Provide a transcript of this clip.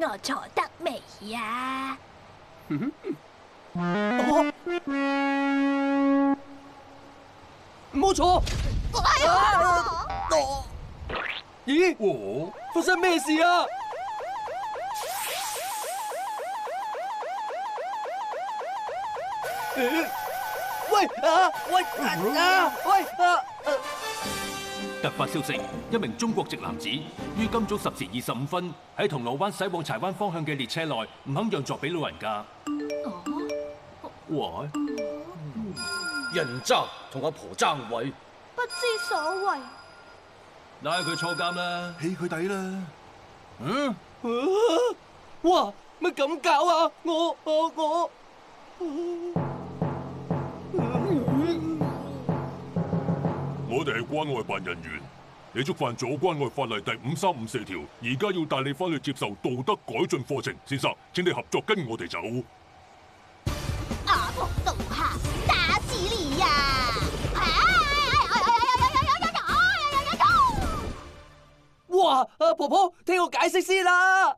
我坐得未啊？嗯哼哼。我冇錯。哎呀！我，咦？我發生咩事啊？喂啊！喂啊！喂啊！突發消息，一名中國籍男子於今早十時二十五分喺銅鑼灣駛往柴灣方向嘅列車內，唔肯讓座俾老人家。哦，喂，人渣同阿婆、婆爭位，不知所謂。拉佢坐監啦，起佢底啦。嗯、啊？哇，乜咁搞啊？我我我。我關愛辦人員，你觸犯咗關愛法例第五三五四條，而家要帶你翻去接受道德改進課程，先生，請你合作跟我哋走。阿婆，到下打死你呀！哇！阿婆婆，聽我解釋先啦。